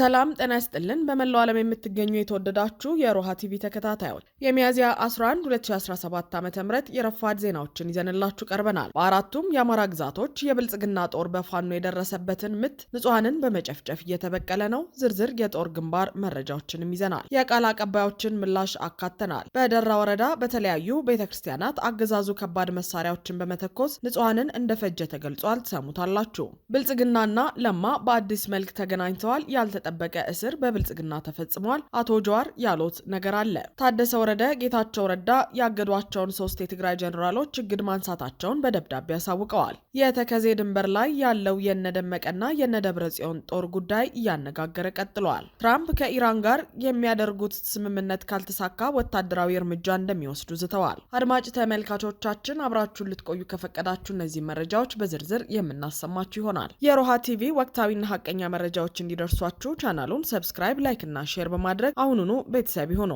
ሰላም ጤና ይስጥልን። በመላው ዓለም የምትገኙ የተወደዳችሁ የሮሃ ቲቪ ተከታታዮች የሚያዝያ 11 2017 ዓ ም የረፋድ ዜናዎችን ይዘንላችሁ ቀርበናል። በአራቱም የአማራ ግዛቶች የብልጽግና ጦር በፋኖ የደረሰበትን ምት ንጹሐንን በመጨፍጨፍ እየተበቀለ ነው። ዝርዝር የጦር ግንባር መረጃዎችንም ይዘናል። የቃል አቀባዮችን ምላሽ አካተናል። በደራ ወረዳ በተለያዩ ቤተ ክርስቲያናት አገዛዙ ከባድ መሳሪያዎችን በመተኮስ ንጹሐንን እንደፈጀ ተገልጿል። ትሰሙታላችሁ። ብልጽግናና ለማ በአዲስ መልክ ተገናኝተዋል። ያልተጠ ያልተጠበቀ እስር በብልጽግና ተፈጽሟል። አቶ ጀዋር ያሉት ነገር አለ። ታደሰ ወረደ ጌታቸው ረዳ ያገዷቸውን ሶስት የትግራይ ጀኔራሎች እግድ ማንሳታቸውን በደብዳቤ አሳውቀዋል። የተከዜ ድንበር ላይ ያለው የነደመቀና የነደብረ ጽዮን ጦር ጉዳይ እያነጋገረ ቀጥሏል። ትራምፕ ከኢራን ጋር የሚያደርጉት ስምምነት ካልተሳካ ወታደራዊ እርምጃ እንደሚወስዱ ዝተዋል። አድማጭ ተመልካቾቻችን አብራችሁን ልትቆዩ ከፈቀዳችሁ እነዚህ መረጃዎች በዝርዝር የምናሰማችሁ ይሆናል። የሮሃ ቲቪ ወቅታዊና ሀቀኛ መረጃዎች እንዲደርሷችሁ ቻናሉን ሰብስክራይብ፣ ላይክ እና ሼር በማድረግ አሁኑኑ ቤተሰብ ይሁኑ።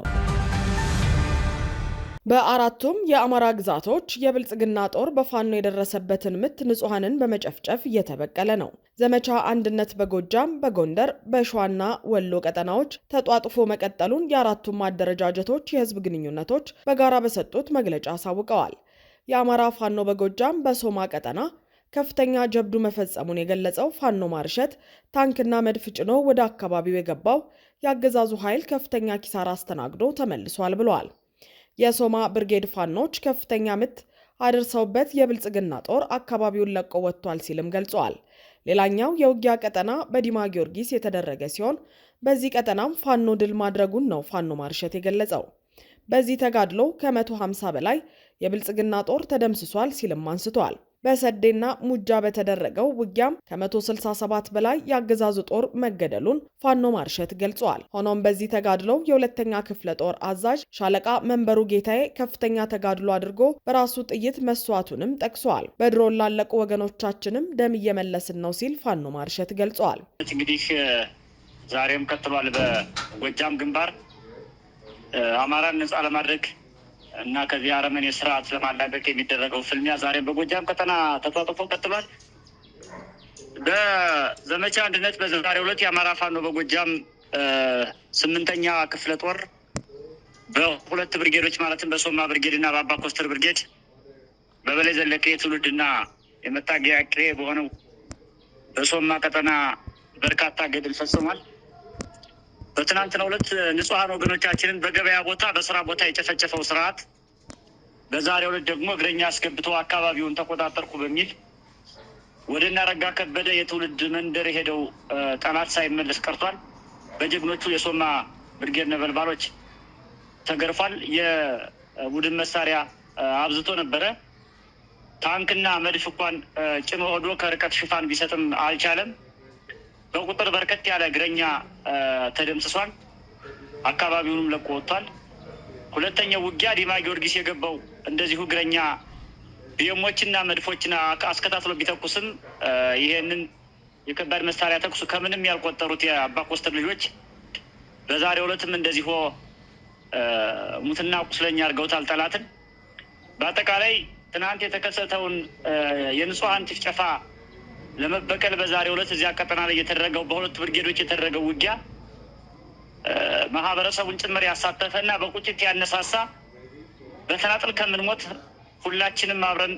በአራቱም የአማራ ግዛቶች የብልጽግና ጦር በፋኖ የደረሰበትን ምት ንጹሐንን በመጨፍጨፍ እየተበቀለ ነው። ዘመቻ አንድነት በጎጃም፣ በጎንደር፣ በሸዋና ወሎ ቀጠናዎች ተጧጥፎ መቀጠሉን የአራቱም አደረጃጀቶች የህዝብ ግንኙነቶች በጋራ በሰጡት መግለጫ አሳውቀዋል። የአማራ ፋኖ በጎጃም በሶማ ቀጠና ከፍተኛ ጀብዱ መፈጸሙን የገለጸው ፋኖ ማርሸት ታንክና መድፍ ጭኖ ወደ አካባቢው የገባው የአገዛዙ ኃይል ከፍተኛ ኪሳራ አስተናግዶ ተመልሷል ብለዋል። የሶማ ብርጌድ ፋኖች ከፍተኛ ምት አድርሰውበት የብልጽግና ጦር አካባቢውን ለቆ ወጥቷል ሲልም ገልጸዋል። ሌላኛው የውጊያ ቀጠና በዲማ ጊዮርጊስ የተደረገ ሲሆን በዚህ ቀጠናም ፋኖ ድል ማድረጉን ነው ፋኖ ማርሸት የገለጸው። በዚህ ተጋድሎ ከመቶ 150 በላይ የብልጽግና ጦር ተደምስሷል ሲልም አንስቷል። በሰዴና ሙጃ በተደረገው ውጊያም ከ167 በላይ የአገዛዙ ጦር መገደሉን ፋኖ ማርሸት ገልጸዋል። ሆኖም በዚህ ተጋድሎው የሁለተኛ ክፍለ ጦር አዛዥ ሻለቃ መንበሩ ጌታዬ ከፍተኛ ተጋድሎ አድርጎ በራሱ ጥይት መስዋዕቱንም ጠቅሰዋል። በድሮን ላለቁ ወገኖቻችንም ደም እየመለስን ነው ሲል ፋኖ ማርሸት ገልጸዋል። እንግዲህ ዛሬም ቀጥሏል። በጎጃም ግንባር አማራን ነጻ ለማድረግ እና ከዚህ አረመኔ ስርዓት ለማላቀቅ የሚደረገው ፍልሚያ ዛሬ በጎጃም ቀጠና ተጧጥፎ ቀጥሏል። በዘመቻ አንድነት በዛሬው ዕለት የአማራ ፋኖ በጎጃም ስምንተኛ ክፍለ ጦር በሁለት ብርጌዶች ማለትም በሶማ ብርጌድ እና በአባ ኮስተር ብርጌድ በበላይ ዘለቀ የትውልድና የመታገያ ቅሬ በሆነው በሶማ ቀጠና በርካታ ገድል ፈጽሟል። በትናንትናው ዕለት ንጹሐን ወገኖቻችንን በገበያ ቦታ፣ በስራ ቦታ የጨፈጨፈው ስርዓት በዛሬው ዕለት ደግሞ እግረኛ አስገብቶ አካባቢውን ተቆጣጠርኩ በሚል ወደ እናረጋ ከበደ የትውልድ መንደር የሄደው ጠላት ሳይመለስ ቀርቷል። በጀግኖቹ የሶማ ብርጌድ ነበልባሎች ተገርፏል። የቡድን መሳሪያ አብዝቶ ነበረ። ታንክና መድፍ እንኳን ጭኖ ወዶ ከርቀት ሽፋን ቢሰጥም አልቻለም። በቁጥር በርከት ያለ እግረኛ ተደምስሷል። አካባቢውንም ለቆ ወጥቷል። ሁለተኛው ውጊያ ዲማ ጊዮርጊስ የገባው እንደዚሁ እግረኛ ቢኤሞችና መድፎችን አስከታትሎ ቢተኩስም ይሄንን የከባድ መሳሪያ ተኩሱ ከምንም ያልቆጠሩት የአባ ኮስተር ልጆች በዛሬው ዕለትም እንደዚሁ ሙትና ቁስለኛ አድርገውታል ጠላትን። በአጠቃላይ ትናንት የተከሰተውን የንጹሐን ጭፍጨፋ ለመበቀል በዛሬው ዕለት እዚያ ቀጠና ላይ የተደረገው በሁለቱ ብርጌዶች የተደረገው ውጊያ ማህበረሰቡን ጭምር ያሳተፈ እና በቁጭት ያነሳሳ በተናጥል ከምንሞት ሁላችንም አብረን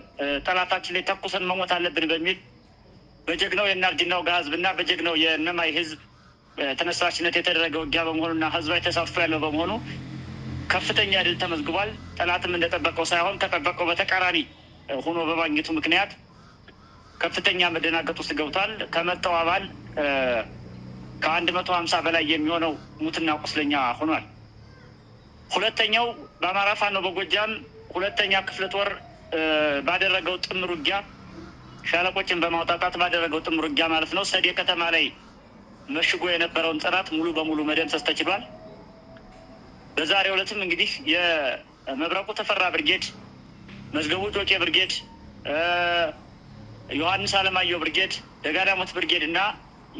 ጠላታችን ላይ ተኩሰን መሞት አለብን በሚል በጀግናው የእናርጅናው ጋር ህዝብ እና በጀግናው የእነማይ ህዝብ ተነሳሽነት የተደረገ ውጊያ በመሆኑና ህዝባዊ ተሳትፎ ያለው በመሆኑ ከፍተኛ ድል ተመዝግቧል። ጠላትም እንደጠበቀው ሳይሆን ከጠበቀው በተቃራኒ ሆኖ በማግኘቱ ምክንያት ከፍተኛ መደናገጥ ውስጥ ገብቷል። ከመጣው አባል ከአንድ መቶ ሀምሳ በላይ የሚሆነው ሙትና ቁስለኛ ሆኗል። ሁለተኛው በአማራ ፋኖ በጎጃም ሁለተኛ ክፍለ ጦር ባደረገው ጥምር ውጊያ ሻለቆችን በማውጣጣት ባደረገው ጥምር ውጊያ ማለት ነው ሰዴ ከተማ ላይ መሽጎ የነበረውን ጠላት ሙሉ በሙሉ መደምሰስ ተችሏል። በዛሬ ዕለትም እንግዲህ የመብረቁ ተፈራ ብርጌድ፣ መዝገቡ ጮቄ ብርጌድ ዮሐንስ አለማየሁ ብርጌድ፣ ደጋዳሞት ብርጌድ እና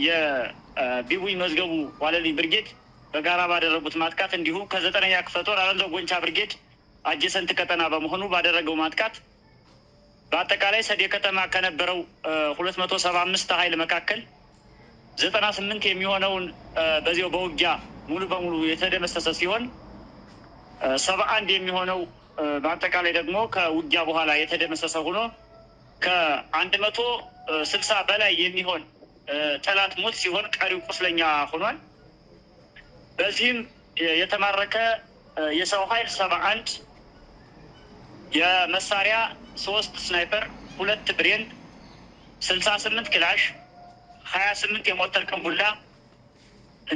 የቢቡኝ መዝገቡ ዋለልኝ ብርጌድ በጋራ ባደረጉት ማጥቃት እንዲሁም ከዘጠነኛ ክፍለ ጦር አለምዘው ጎንቻ ብርጌድ አጀሰንት ቀጠና በመሆኑ ባደረገው ማጥቃት በአጠቃላይ ሰዴ ከተማ ከነበረው ሁለት መቶ ሰባ አምስት ኃይል መካከል ዘጠና ስምንት የሚሆነውን በዚያው በውጊያ ሙሉ በሙሉ የተደመሰሰ ሲሆን ሰባ አንድ የሚሆነው በአጠቃላይ ደግሞ ከውጊያ በኋላ የተደመሰሰ ሆኖ ከአንድ መቶ ስልሳ በላይ የሚሆን ጠላት ሞት ሲሆን ቀሪው ቁስለኛ ሆኗል። በዚህም የተማረከ የሰው ኃይል ሰባ አንድ የመሳሪያ ሶስት ስናይፐር ሁለት ብሬን ስልሳ ስምንት ክላሽ ሀያ ስምንት የሞተር ቅንቡላ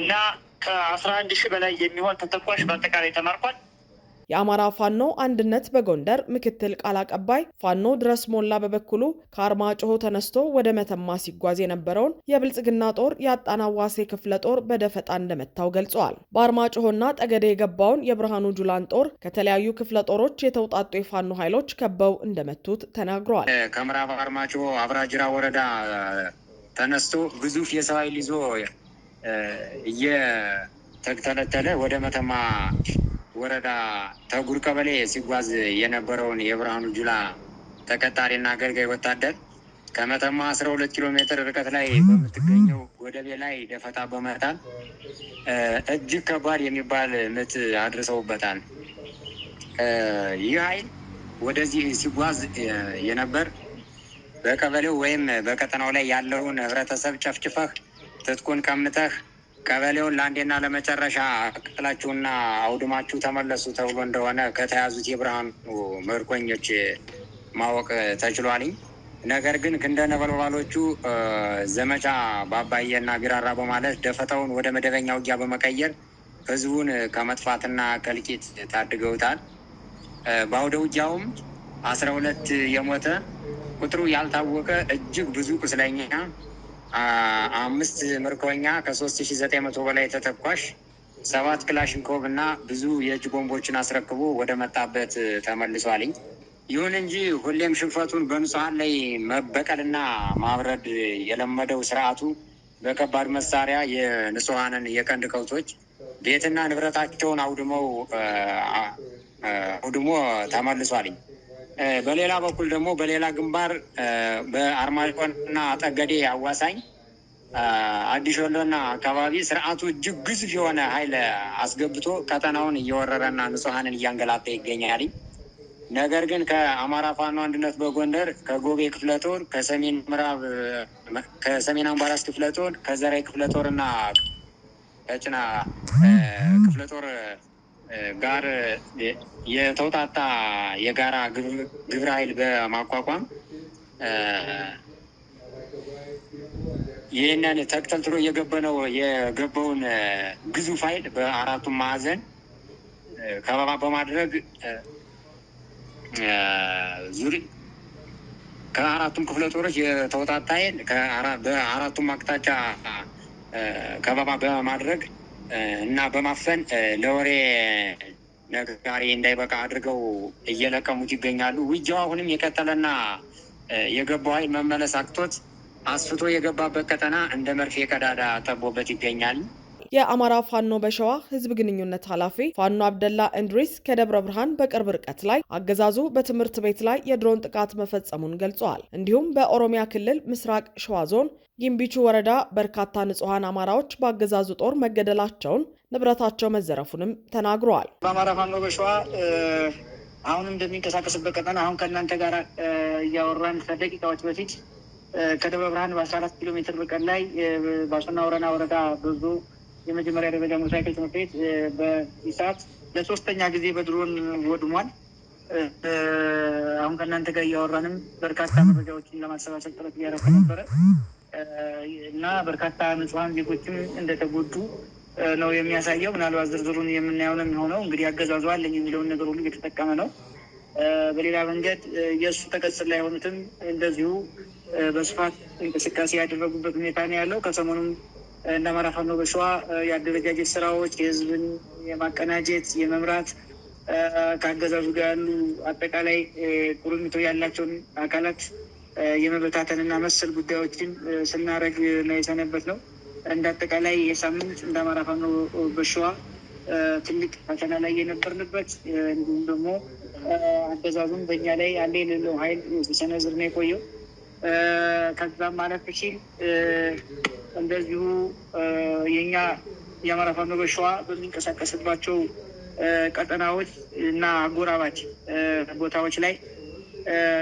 እና ከአስራ አንድ ሺህ በላይ የሚሆን ተተኳሽ በአጠቃላይ ተማርኳል። የአማራ ፋኖ አንድነት በጎንደር ምክትል ቃል አቀባይ ፋኖ ድረስ ሞላ በበኩሉ ከአርማጭሆ ተነስቶ ወደ መተማ ሲጓዝ የነበረውን የብልጽግና ጦር የአጣናዋሴ ክፍለ ጦር በደፈጣ እንደመታው ገልጸዋል። በአርማጭሆና ጠገዴ የገባውን የብርሃኑ ጁላን ጦር ከተለያዩ ክፍለ ጦሮች የተውጣጡ የፋኖ ኃይሎች ከበው እንደመቱት ተናግረዋል። ከምዕራብ አርማጭሆ አብራጅራ ወረዳ ተነስቶ ግዙፍ የሰው ኃይል ይዞ እየተተለተለ ወደ መተማ ወረዳ ተጉር ቀበሌ ሲጓዝ የነበረውን የብርሃኑ ጁላ ተቀጣሪና አገልጋይ ወታደር ከመተማ 12 ኪሎ ሜትር ርቀት ላይ በምትገኘው ወደቤ ላይ ደፈጣ በመጣል እጅግ ከባድ የሚባል ምት አድርሰውበታል። ይህ ኃይል ወደዚህ ሲጓዝ የነበር በቀበሌው ወይም በቀጠናው ላይ ያለውን ህብረተሰብ ጨፍጭፈህ ትጥቁን ቀምተህ ቀበሌውን ለአንዴና ለመጨረሻ ቅጥላችሁና አውድማችሁ ተመለሱ ተብሎ እንደሆነ ከተያዙት የብርሃኑ ምርኮኞች ማወቅ ተችሏልኝ። ነገር ግን እንደ ነበልባሎቹ ዘመቻ በአባየና ቢራራ በማለት ደፈጣውን ወደ መደበኛ ውጊያ በመቀየር ህዝቡን ከመጥፋትና ከልቂት ታድገውታል። በአውደ ውጊያውም አስራ ሁለት የሞተ ቁጥሩ ያልታወቀ እጅግ ብዙ ቁስለኛ አምስት ምርኮኛ ከሶስት ሺ ዘጠኝ መቶ በላይ ተተኳሽ ሰባት ክላሽንኮቭ እና ብዙ የእጅ ቦምቦችን አስረክቦ ወደ መጣበት ተመልሷልኝ። ይሁን እንጂ ሁሌም ሽንፈቱን በንጹሐን ላይ መበቀልና ማብረድ የለመደው ስርዓቱ በከባድ መሳሪያ የንጹሐንን የቀንድ ከብቶች ቤትና ንብረታቸውን አውድመው አውድሞ ተመልሷልኝ። በሌላ በኩል ደግሞ በሌላ ግንባር በአርማጭሆና አጠገዴ አዋሳኝ አዲስ ወሎና አካባቢ ስርዓቱ እጅግ ግዙፍ የሆነ ኃይል አስገብቶ ቀጠናውን እየወረረና ንጹሐንን እያንገላታ ይገኛል። ነገር ግን ከአማራ ፋኖ አንድነት በጎንደር ከጎቤ ክፍለ ጦር፣ ከሰሜን ምዕራብ ከሰሜን አምባራስ ክፍለ ጦር፣ ከዘራይ ክፍለ ጦር እና ከጭና ክፍለ ጦር ጋር የተውጣጣ የጋራ ግብረ ኃይል በማቋቋም ይህንን ተቅጠልጥሎ እየገበነው የገባውን ግዙፍ ኃይል በአራቱም ማዕዘን ከበባ በማድረግ ዙሪ ከአራቱም ክፍለ ጦሮች የተውጣጣ ኃይል በአራቱም አቅጣጫ ከበባ በማድረግ እና በማፈን ለወሬ ነጋሪ እንዳይበቃ አድርገው እየለቀሙት ይገኛሉ። ውጊያው አሁንም የቀጠለና የገባው ኃይል መመለስ አቅቶት አስፍቶ የገባበት ቀጠና እንደ መርፌ ቀዳዳ ጠቦበት ይገኛል። የአማራ ፋኖ በሸዋ ህዝብ ግንኙነት ኃላፊ ፋኖ አብደላ እንድሪስ ከደብረ ብርሃን በቅርብ ርቀት ላይ አገዛዙ በትምህርት ቤት ላይ የድሮን ጥቃት መፈጸሙን ገልጸዋል። እንዲሁም በኦሮሚያ ክልል ምስራቅ ሸዋ ዞን ጊምቢቹ ወረዳ በርካታ ንጹሐን አማራዎች በአገዛዙ ጦር መገደላቸውን፣ ንብረታቸው መዘረፉንም ተናግረዋል። በአማራ ፋኖ በሸዋ አሁንም እንደሚንቀሳቀስበት ቀጠና አሁን ከእናንተ ጋር እያወራን ከደቂቃዎች በፊት ከደብረ ብርሃን በአስራ አራት ኪሎ ሜትር ርቀት ላይ በአሶና ወረና ወረዳ ብዙ የመጀመሪያ ደረጃ ሞተርሳይክል ትምህርት ቤት በዚህ ለሶስተኛ ጊዜ በድሮን ወድሟል። አሁን ከእናንተ ጋር እያወራንም በርካታ መረጃዎችን ለማሰባሰብ ጥረት እያደረኩ ነበረ እና በርካታ ንጹሐን ዜጎችም እንደተጎዱ ነው የሚያሳየው። ምናልባት ዝርዝሩን የምናየው ነው የሚሆነው። እንግዲህ አገዛዙ አለኝ የሚለውን ነገር ሁሉ እየተጠቀመ ነው። በሌላ መንገድ የእሱ ተቀጽል ላይ የሆኑትም እንደዚሁ በስፋት እንቅስቃሴ ያደረጉበት ሁኔታ ነው ያለው። ከሰሞኑም እና አማራ ፋኖ በሸዋ የአደረጃጀት ስራዎች፣ የህዝብን የማቀናጀት የመምራት ከአገዛዙ ጋር ያሉ አጠቃላይ ቁርኝቶ ያላቸውን አካላት የመበታተንና መሰል ጉዳዮችን ስናደረግ ነው የሰነበት ነው። እንደ አጠቃላይ የሳምንት እንደ አማራ ፋኖ በሸዋ ትልቅ ፈተና ላይ የነበርንበት እንዲሁም ደግሞ አገዛዙም በእኛ ላይ አንዴ የሌለው ኃይል ሲሰነዝር ነው የቆየው። ከዛም ማለፍ ሲል እንደዚሁ የኛ የአማራ ፋኖ በሸዋ በሚንቀሳቀስባቸው ቀጠናዎች እና አጎራባች ቦታዎች ላይ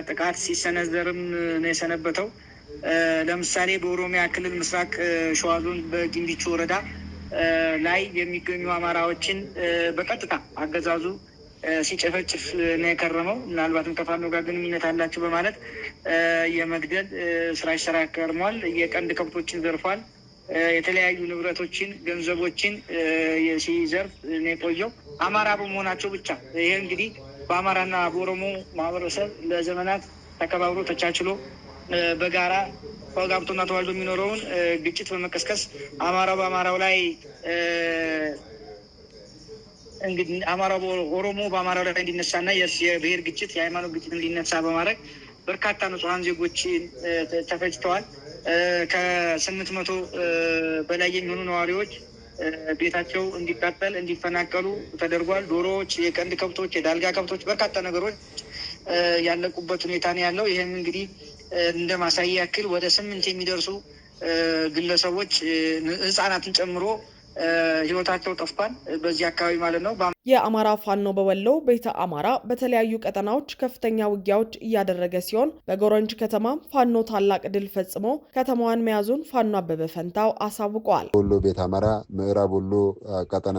ጥቃት ሲሰነዘርም ነው የሰነበተው። ለምሳሌ በኦሮሚያ ክልል ምስራቅ ሸዋ ዞን በጊምቢቹ ወረዳ ላይ የሚገኙ አማራዎችን በቀጥታ አገዛዙ ሲጨፈጭፍ ነው የከረመው። ምናልባትም ከፋኖ ጋር ግንኙነት አላቸው በማለት የመግደል ስራ ሲሰራ ከርሟል። የቀንድ ከብቶችን ዘርፏል። የተለያዩ ንብረቶችን፣ ገንዘቦችን ሲዘርፍ ነው የቆየው አማራ በመሆናቸው ብቻ። ይህ እንግዲህ በአማራና በኦሮሞ ማህበረሰብ ለዘመናት ተከባብሮ ተቻችሎ በጋራ ተጋብቶና ተዋልዶ የሚኖረውን ግጭት በመቀስቀስ አማራው በአማራው ላይ እንግዲህ አማራ ኦሮሞ በአማራ ላይ እንዲነሳና የብሔር ግጭት የሃይማኖት ግጭት እንዲነሳ በማድረግ በርካታ ንጹሐን ዜጎች ተፈጅተዋል። ከስምንት መቶ በላይ የሚሆኑ ነዋሪዎች ቤታቸው እንዲቃጠል እንዲፈናቀሉ ተደርጓል። ዶሮዎች፣ የቀንድ ከብቶች፣ የዳልጋ ከብቶች በርካታ ነገሮች ያለቁበት ሁኔታ ነው ያለው። ይህም እንግዲህ እንደ ማሳያ ያክል ወደ ስምንት የሚደርሱ ግለሰቦች ህጻናትን ጨምሮ ህይወታቸው ጠፍቷል። በዚህ አካባቢ ማለት ነው። የአማራ ፋኖ በወሎ ቤተ አማራ በተለያዩ ቀጠናዎች ከፍተኛ ውጊያዎች እያደረገ ሲሆን በጎረንጅ ከተማ ፋኖ ታላቅ ድል ፈጽሞ ከተማዋን መያዙን ፋኖ አበበ ፈንታው አሳውቀዋል። ወሎ ቤተ አማራ ምዕራብ ወሎ ቀጠና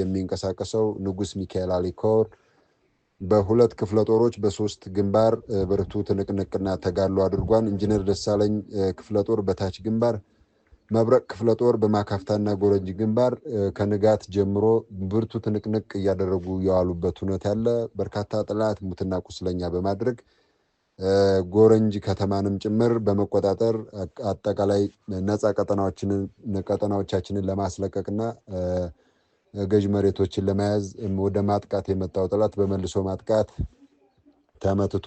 የሚንቀሳቀሰው ንጉስ ሚካኤል አሊኮር በሁለት ክፍለ ጦሮች በሶስት ግንባር ብርቱ ትንቅንቅና ተጋድሎ አድርጓል። ኢንጂነር ደሳለኝ ክፍለ ጦር በታች ግንባር መብረቅ ክፍለ ጦር በማካፍታና ጎረንጂ ግንባር ከንጋት ጀምሮ ብርቱ ትንቅንቅ እያደረጉ የዋሉበት ሁነት ያለ በርካታ ጠላት ሙትና ቁስለኛ በማድረግ ጎረንጅ ከተማንም ጭምር በመቆጣጠር አጠቃላይ ነፃ ቀጠናዎቻችንን ለማስለቀቅና ገዥ መሬቶችን ለመያዝ ወደ ማጥቃት የመጣው ጠላት በመልሶ ማጥቃት ተመትቶ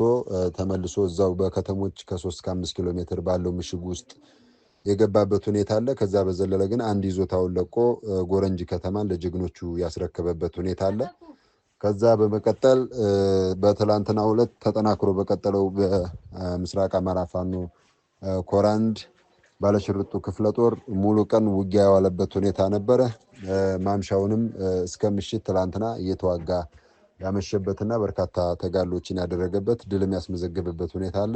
ተመልሶ እዛው በከተሞች ከሶስት ከአምስት ኪሎ ሜትር ባለው ምሽግ ውስጥ የገባበት ሁኔታ አለ። ከዛ በዘለለ ግን አንድ ይዞታውን ለቆ ጎረንጅ ከተማን ለጀግኖቹ ያስረከበበት ሁኔታ አለ። ከዛ በመቀጠል በትላንትና ሁለት ተጠናክሮ በቀጠለው በምስራቅ አማራ ፋኖ ኮራንድ ባለሽርጡ ክፍለ ጦር ሙሉ ቀን ውጊያ የዋለበት ሁኔታ ነበረ። ማምሻውንም እስከ ምሽት ትላንትና እየተዋጋ ያመሸበትና በርካታ ተጋሎችን ያደረገበት ድልም ያስመዘገበበት ሁኔታ አለ።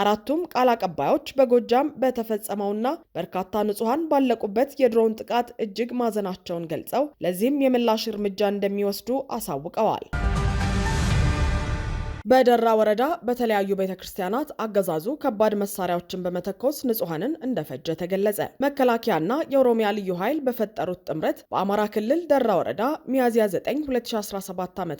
አራቱም ቃል አቀባዮች በጎጃም በተፈጸመውና በርካታ ንጹሐን ባለቁበት የድሮን ጥቃት እጅግ ማዘናቸውን ገልጸው ለዚህም የምላሽ እርምጃ እንደሚወስዱ አሳውቀዋል። በደራ ወረዳ በተለያዩ ቤተ ክርስቲያናት አገዛዙ ከባድ መሳሪያዎችን በመተኮስ ንጹሐንን እንደፈጀ ተገለጸ። መከላከያና የኦሮሚያ ልዩ ኃይል በፈጠሩት ጥምረት በአማራ ክልል ደራ ወረዳ ሚያዝያ 9 2017 ዓ ም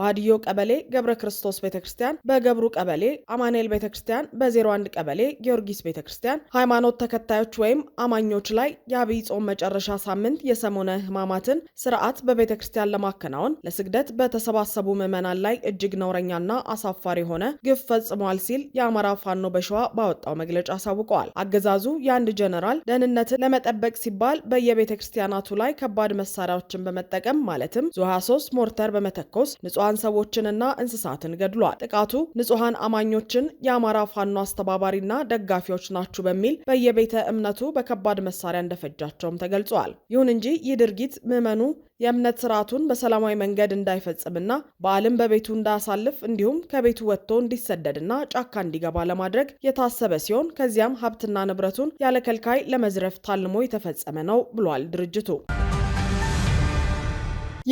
በአድዮ ቀበሌ ገብረ ክርስቶስ ቤተ ክርስቲያን፣ በገብሩ ቀበሌ አማኑኤል ቤተ ክርስቲያን፣ በ01 ቀበሌ ጊዮርጊስ ቤተ ክርስቲያን ሃይማኖት ተከታዮች ወይም አማኞች ላይ የአብይ ጾም መጨረሻ ሳምንት የሰሞነ ህማማትን ስርዓት በቤተ ክርስቲያን ለማከናወን ለስግደት በተሰባሰቡ ምዕመናን ላይ እጅግ ነውረኛና አሳፋሪ የሆነ ግፍ ፈጽሟል ሲል የአማራ ፋኖ በሸዋ ባወጣው መግለጫ አሳውቀዋል። አገዛዙ የአንድ ጀነራል ደህንነትን ለመጠበቅ ሲባል በየቤተ ክርስቲያናቱ ላይ ከባድ መሳሪያዎችን በመጠቀም ማለትም ዙ 23 ሞርተር በመተኮስ ንጹሐን ሰዎችንና እንስሳትን ገድሏል። ጥቃቱ ንጹሐን አማኞችን የአማራ ፋኖ አስተባባሪና ደጋፊዎች ናችሁ በሚል በየቤተ እምነቱ በከባድ መሳሪያ እንደፈጃቸውም ተገልጿል። ይሁን እንጂ ይህ ድርጊት ምዕመኑ የእምነት ስርዓቱን በሰላማዊ መንገድ እንዳይፈጽምና በዓልን በቤቱ እንዳያሳልፍ እንዲሁም ከቤቱ ወጥቶ እንዲሰደድና ጫካ እንዲገባ ለማድረግ የታሰበ ሲሆን ከዚያም ሀብትና ንብረቱን ያለ ከልካይ ለመዝረፍ ታልሞ የተፈጸመ ነው ብሏል ድርጅቱ።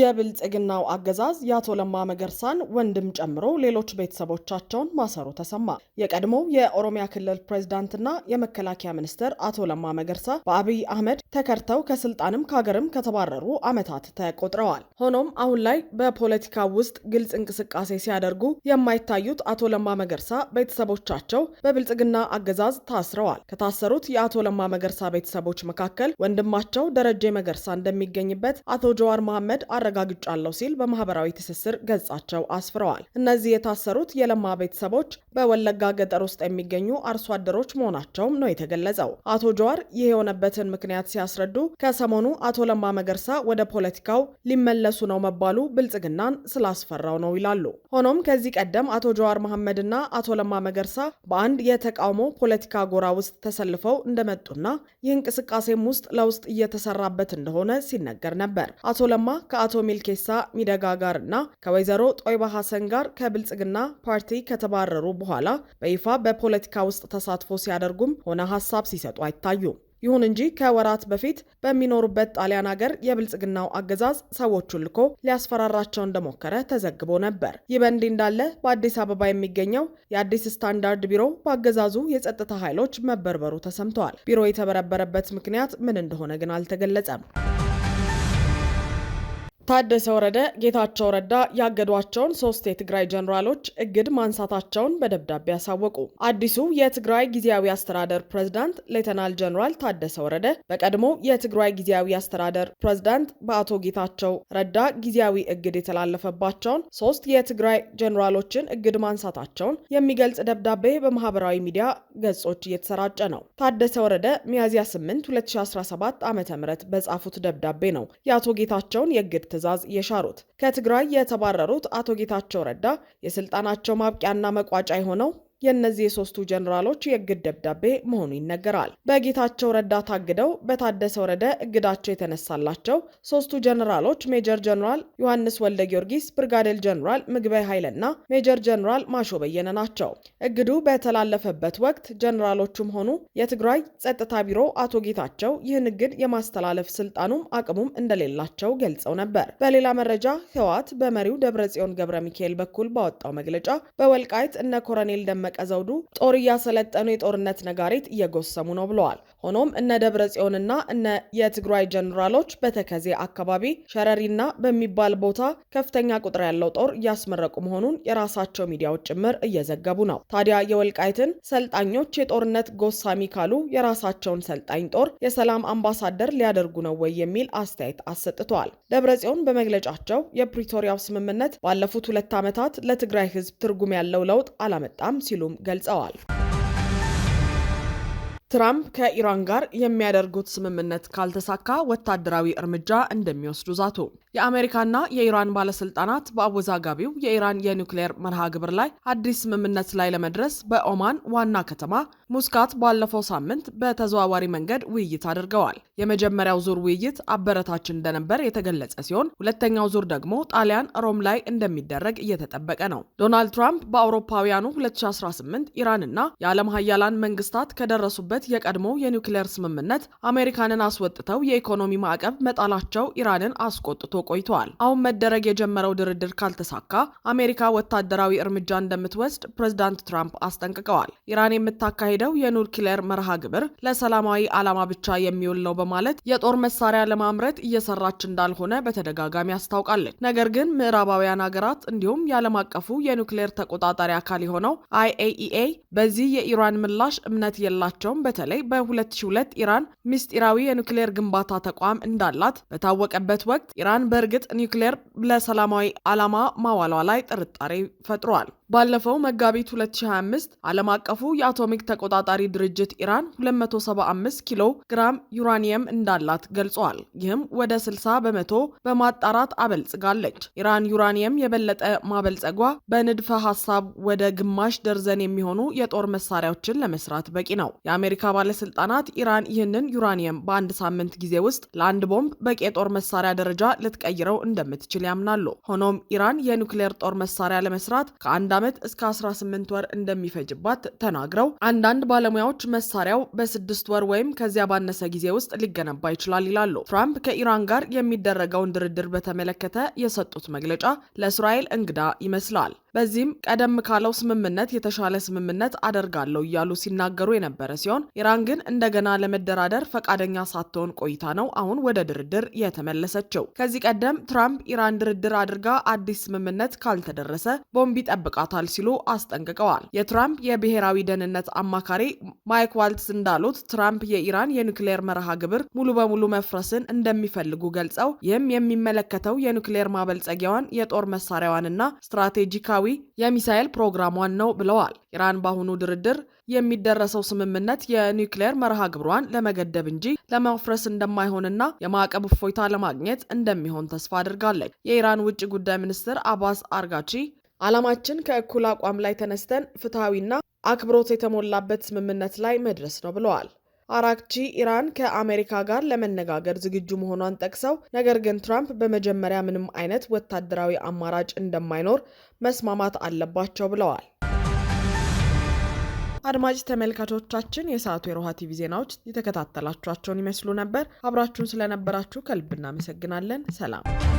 የብልጽግናው አገዛዝ የአቶ ለማ መገርሳን ወንድም ጨምሮ ሌሎች ቤተሰቦቻቸውን ማሰሩ ተሰማ። የቀድሞው የኦሮሚያ ክልል ፕሬዝዳንትና የመከላከያ ሚኒስትር አቶ ለማ መገርሳ በአብይ አህመድ ተከርተው ከስልጣንም ከሀገርም ከተባረሩ ዓመታት ተቆጥረዋል። ሆኖም አሁን ላይ በፖለቲካ ውስጥ ግልጽ እንቅስቃሴ ሲያደርጉ የማይታዩት አቶ ለማ መገርሳ ቤተሰቦቻቸው በብልጽግና አገዛዝ ታስረዋል። ከታሰሩት የአቶ ለማ መገርሳ ቤተሰቦች መካከል ወንድማቸው ደረጀ መገርሳ እንደሚገኝበት አቶ ጀዋር መሐመድ አረጋግጫለሁ ሲል በማህበራዊ ትስስር ገጻቸው አስፍረዋል። እነዚህ የታሰሩት የለማ ቤተሰቦች በወለጋ ገጠር ውስጥ የሚገኙ አርሶ አደሮች መሆናቸውም ነው የተገለጸው። አቶ ጀዋር ይህ የሆነበትን ምክንያት ሲያስረዱ ከሰሞኑ አቶ ለማ መገርሳ ወደ ፖለቲካው ሊመለሱ ነው መባሉ ብልጽግናን ስላስፈራው ነው ይላሉ። ሆኖም ከዚህ ቀደም አቶ ጀዋር መሐመድና አቶ ለማ መገርሳ በአንድ የተቃውሞ ፖለቲካ ጎራ ውስጥ ተሰልፈው እንደመጡና ይህ እንቅስቃሴም ውስጥ ለውስጥ እየተሰራበት እንደሆነ ሲነገር ነበር። አቶ ለማ ከአቶ ከአቶ ሚልኬሳ ሚደጋ ጋር እና ከወይዘሮ ጦይባ ሐሰን ጋር ከብልጽግና ፓርቲ ከተባረሩ በኋላ በይፋ በፖለቲካ ውስጥ ተሳትፎ ሲያደርጉም ሆነ ሀሳብ ሲሰጡ አይታዩም። ይሁን እንጂ ከወራት በፊት በሚኖሩበት ጣሊያን ሀገር የብልጽግናው አገዛዝ ሰዎቹን ልኮ ሊያስፈራራቸው እንደሞከረ ተዘግቦ ነበር። ይህ በእንዲህ እንዳለ በአዲስ አበባ የሚገኘው የአዲስ ስታንዳርድ ቢሮ በአገዛዙ የጸጥታ ኃይሎች መበርበሩ ተሰምተዋል። ቢሮ የተበረበረበት ምክንያት ምን እንደሆነ ግን አልተገለጸም። ታደሰ ወረደ ጌታቸው ረዳ ያገዷቸውን ሶስት የትግራይ ጀኔራሎች እግድ ማንሳታቸውን በደብዳቤ አሳወቁ። አዲሱ የትግራይ ጊዜያዊ አስተዳደር ፕሬዝዳንት ሌተናል ጀኔራል ታደሰ ወረደ በቀድሞ የትግራይ ጊዜያዊ አስተዳደር ፕሬዝዳንት በአቶ ጌታቸው ረዳ ጊዜያዊ እግድ የተላለፈባቸውን ሶስት የትግራይ ጀኔራሎችን እግድ ማንሳታቸውን የሚገልጽ ደብዳቤ በማህበራዊ ሚዲያ ገጾች እየተሰራጨ ነው። ታደሰ ወረደ ሚያዝያ 8 2017 ዓ ም በጻፉት ደብዳቤ ነው የአቶ ጌታቸውን የእግድ ትዕዛዝ የሻሩት። ከትግራይ የተባረሩት አቶ ጌታቸው ረዳ የስልጣናቸው ማብቂያና መቋጫ የሆነው የእነዚህ የሶስቱ ጀኔራሎች የእግድ ደብዳቤ መሆኑ ይነገራል። በጌታቸው ረዳ ታግደው በታደሰ ወረደ እግዳቸው የተነሳላቸው ሶስቱ ጀኔራሎች ሜጀር ጀኔራል ዮሐንስ ወልደ ጊዮርጊስ፣ ብርጋዴር ጀኔራል ምግበይ ኃይለና ሜጀር ጀኔራል ማሾ በየነ ናቸው። እግዱ በተላለፈበት ወቅት ጀኔራሎቹም ሆኑ የትግራይ ጸጥታ ቢሮ አቶ ጌታቸው ይህን እግድ የማስተላለፍ ስልጣኑም አቅሙም እንደሌላቸው ገልጸው ነበር። በሌላ መረጃ ህወሓት በመሪው ደብረጽዮን ገብረ ሚካኤል በኩል ባወጣው መግለጫ በወልቃይት እነ ኮረኔል ደመቀ ደመቀ ዘውዱ ጦር እያሰለጠኑ የጦርነት ነጋሪት እየጎሰሙ ነው ብለዋል። ሆኖም እነ ደብረ ጽዮንና እነ የትግራይ ጀኔራሎች በተከዜ አካባቢ ሸረሪና በሚባል ቦታ ከፍተኛ ቁጥር ያለው ጦር እያስመረቁ መሆኑን የራሳቸው ሚዲያዎች ጭምር እየዘገቡ ነው። ታዲያ የወልቃይትን ሰልጣኞች የጦርነት ጎሳሚ ካሉ የራሳቸውን ሰልጣኝ ጦር የሰላም አምባሳደር ሊያደርጉ ነው ወይ የሚል አስተያየት አሰጥተዋል። ጽዮን በመግለጫቸው የፕሪቶሪያው ስምምነት ባለፉት ሁለት ዓመታት ለትግራይ ሕዝብ ትርጉም ያለው ለውጥ አላመጣም ሲሉ ሲሉም ገልጸዋል። ትራምፕ ከኢራን ጋር የሚያደርጉት ስምምነት ካልተሳካ ወታደራዊ እርምጃ እንደሚወስዱ ዛቱ። የአሜሪካና የኢራን ባለስልጣናት በአወዛጋቢው የኢራን የኒውክሌር መርሃ ግብር ላይ አዲስ ስምምነት ላይ ለመድረስ በኦማን ዋና ከተማ ሙስካት ባለፈው ሳምንት በተዘዋዋሪ መንገድ ውይይት አድርገዋል። የመጀመሪያው ዙር ውይይት አበረታች እንደነበር የተገለጸ ሲሆን ሁለተኛው ዙር ደግሞ ጣሊያን ሮም ላይ እንደሚደረግ እየተጠበቀ ነው። ዶናልድ ትራምፕ በአውሮፓውያኑ 2018 ኢራንና የዓለም ሀያላን መንግስታት ከደረሱበት አይነት የቀድሞ የኒውክሌር ስምምነት አሜሪካንን አስወጥተው የኢኮኖሚ ማዕቀብ መጣላቸው ኢራንን አስቆጥቶ ቆይተዋል። አሁን መደረግ የጀመረው ድርድር ካልተሳካ አሜሪካ ወታደራዊ እርምጃ እንደምትወስድ ፕሬዚዳንት ትራምፕ አስጠንቅቀዋል። ኢራን የምታካሄደው የኑክሌር መርሃ ግብር ለሰላማዊ ዓላማ ብቻ የሚውል ነው በማለት የጦር መሳሪያ ለማምረት እየሰራች እንዳልሆነ በተደጋጋሚ አስታውቃለች። ነገር ግን ምዕራባውያን ሀገራት እንዲሁም የዓለም አቀፉ የኒውክሌር ተቆጣጣሪ አካል የሆነው አይኤኢኤ በዚህ የኢራን ምላሽ እምነት የላቸውም። በተለይ በ2002 ኢራን ምስጢራዊ የኒውክሌር ግንባታ ተቋም እንዳላት በታወቀበት ወቅት ኢራን በእርግጥ ኒውክሌር ለሰላማዊ ዓላማ ማዋሏ ላይ ጥርጣሬ ፈጥሯል። ባለፈው መጋቢት 2025 ዓለም አቀፉ የአቶሚክ ተቆጣጣሪ ድርጅት ኢራን 275 ኪሎ ግራም ዩራኒየም እንዳላት ገልጿል። ይህም ወደ 60 በመቶ በማጣራት አበልጽጋለች። ኢራን ዩራኒየም የበለጠ ማበልጸጓ በንድፈ ሐሳብ ወደ ግማሽ ደርዘን የሚሆኑ የጦር መሳሪያዎችን ለመስራት በቂ ነው። የአሜሪካ ባለስልጣናት ኢራን ይህንን ዩራኒየም በአንድ ሳምንት ጊዜ ውስጥ ለአንድ ቦምብ በቂ የጦር መሳሪያ ደረጃ ልትቀይረው እንደምትችል ያምናሉ። ሆኖም ኢራን የኒውክሌር ጦር መሳሪያ ለመስራት ከአንድ ዓመት እስከ 18 ወር እንደሚፈጅባት ተናግረው አንዳንድ ባለሙያዎች መሳሪያው በስድስት ወር ወይም ከዚያ ባነሰ ጊዜ ውስጥ ሊገነባ ይችላል ይላሉ። ትራምፕ ከኢራን ጋር የሚደረገውን ድርድር በተመለከተ የሰጡት መግለጫ ለእስራኤል እንግዳ ይመስላል። በዚህም ቀደም ካለው ስምምነት የተሻለ ስምምነት አደርጋለሁ እያሉ ሲናገሩ የነበረ ሲሆን ኢራን ግን እንደገና ለመደራደር ፈቃደኛ ሳትሆን ቆይታ ነው አሁን ወደ ድርድር የተመለሰችው። ከዚህ ቀደም ትራምፕ ኢራን ድርድር አድርጋ አዲስ ስምምነት ካልተደረሰ ቦምብ ይጠብቃታል ሲሉ አስጠንቅቀዋል። የትራምፕ የብሔራዊ ደህንነት አማካሪ ማይክ ዋልትስ እንዳሉት ትራምፕ የኢራን የኒክሌር መርሃ ግብር ሙሉ በሙሉ መፍረስን እንደሚፈልጉ ገልጸው ይህም የሚመለከተው የኒክሌር ማበልጸጊያዋን የጦር መሳሪያዋንና ስትራቴጂካ ብሔራዊ የሚሳኤል ፕሮግራሟን ነው ብለዋል። ኢራን በአሁኑ ድርድር የሚደረሰው ስምምነት የኒውክሌር መርሃ ግብሯን ለመገደብ እንጂ ለመፍረስ እንደማይሆንና የማዕቀብ እፎይታ ለማግኘት እንደሚሆን ተስፋ አድርጋለች። የኢራን ውጭ ጉዳይ ሚኒስትር አባስ አርጋቺ ዓላማችን ከእኩል አቋም ላይ ተነስተን ፍትሐዊና አክብሮት የተሞላበት ስምምነት ላይ መድረስ ነው ብለዋል። አራክቺ ኢራን ከአሜሪካ ጋር ለመነጋገር ዝግጁ መሆኗን ጠቅሰው ነገር ግን ትራምፕ በመጀመሪያ ምንም አይነት ወታደራዊ አማራጭ እንደማይኖር መስማማት አለባቸው ብለዋል። አድማጭ ተመልካቾቻችን የሰዓቱ የሮሃ ቲቪ ዜናዎች የተከታተላችኋቸውን ይመስሉ ነበር። አብራችሁን ስለነበራችሁ ከልብ እናመሰግናለን። ሰላም